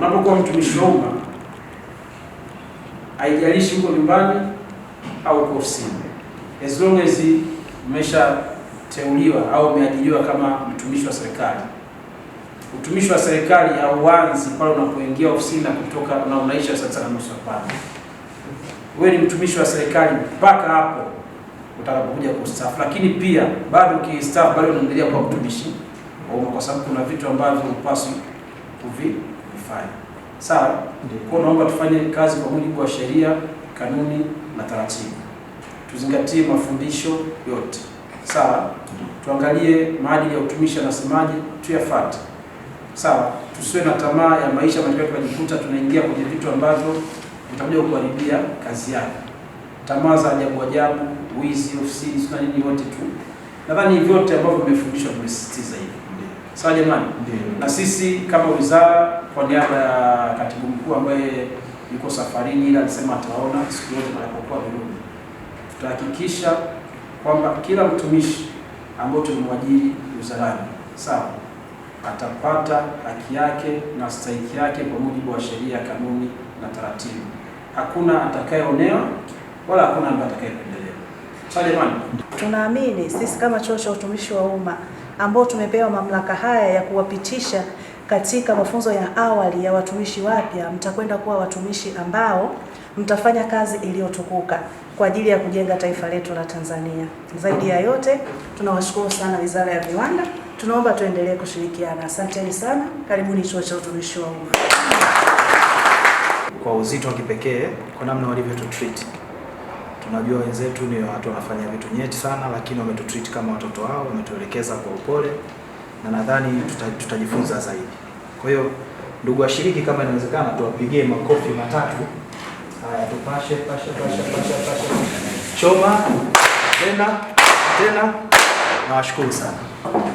Unapokuwa mtumishi wa umma, haijalishi uko nyumbani au uko ofisini, as long as umeshateuliwa au umeajiliwa kama mtumishi wa serikali. Utumishi wa serikali hauanzi pale unapoingia ofisini na kutoka na unaisha saa tisa na nusu. Hapana, wewe ni mtumishi wa serikali mpaka hapo utakapokuja kustaafu. Lakini pia bado ukistaafu, bado unaendelea kuwa mtumishi wa umma, kwa sababu kuna vitu ambavyo hupaswi kuvi kufanya. Sawa? Kwa naomba tufanye kazi kwa mujibu wa sheria, kanuni na taratibu, tuzingatie mafundisho yote. Sawa? Tuangalie maadili ya utumishi na semaji, tuyafuate. Sawa? Tusiwe na tamaa ya maisha, tukajikuta tunaingia kwenye vitu ambavyo vitakuja kuharibia kazi yako, tamaa za ajabu ajabu, wizi ofisini na nini, yote tu. Nadhani vyote ambavyo vimefundishwa vimesisitiza hivi. Sawa jamani, na sisi kama wizara kwa niaba ya katibu mkuu ambaye yuko safarini, ila alisema ataona siku yote anapokuwa Burundi, tutahakikisha kwamba kila mtumishi ambaye tumemwajiri wizarani sawa, atapata haki yake na stahiki yake kwa mujibu wa sheria, kanuni na taratibu. Hakuna atakayeonewa wala hakuna ambaye atakayependelewa. Sawa jamani, tunaamini sisi kama chuo cha utumishi wa umma ambao tumepewa mamlaka haya ya kuwapitisha katika mafunzo ya awali ya watumishi wapya, mtakwenda kuwa watumishi ambao mtafanya kazi iliyotukuka kwa ajili ya kujenga taifa letu la Tanzania. Zaidi ya yote, tunawashukuru sana Wizara ya Viwanda. Tunaomba tuendelee kushirikiana. Asanteni sana. Karibuni Chuo cha Utumishi wa Umma. Kwa uzito wa kipekee kwa namna walivyotu Tunajua wenzetu ni watu wanafanya vitu nyeti sana, lakini wametutreat kama watoto wao, wametuelekeza kwa upole na nadhani tutajifunza tuta zaidi. Kwa hiyo ndugu washiriki, kama inawezekana tuwapigie makofi matatu. Haya, tupashe pashe pashe pashe pashe, choma tena tena. Nawashukuru sana.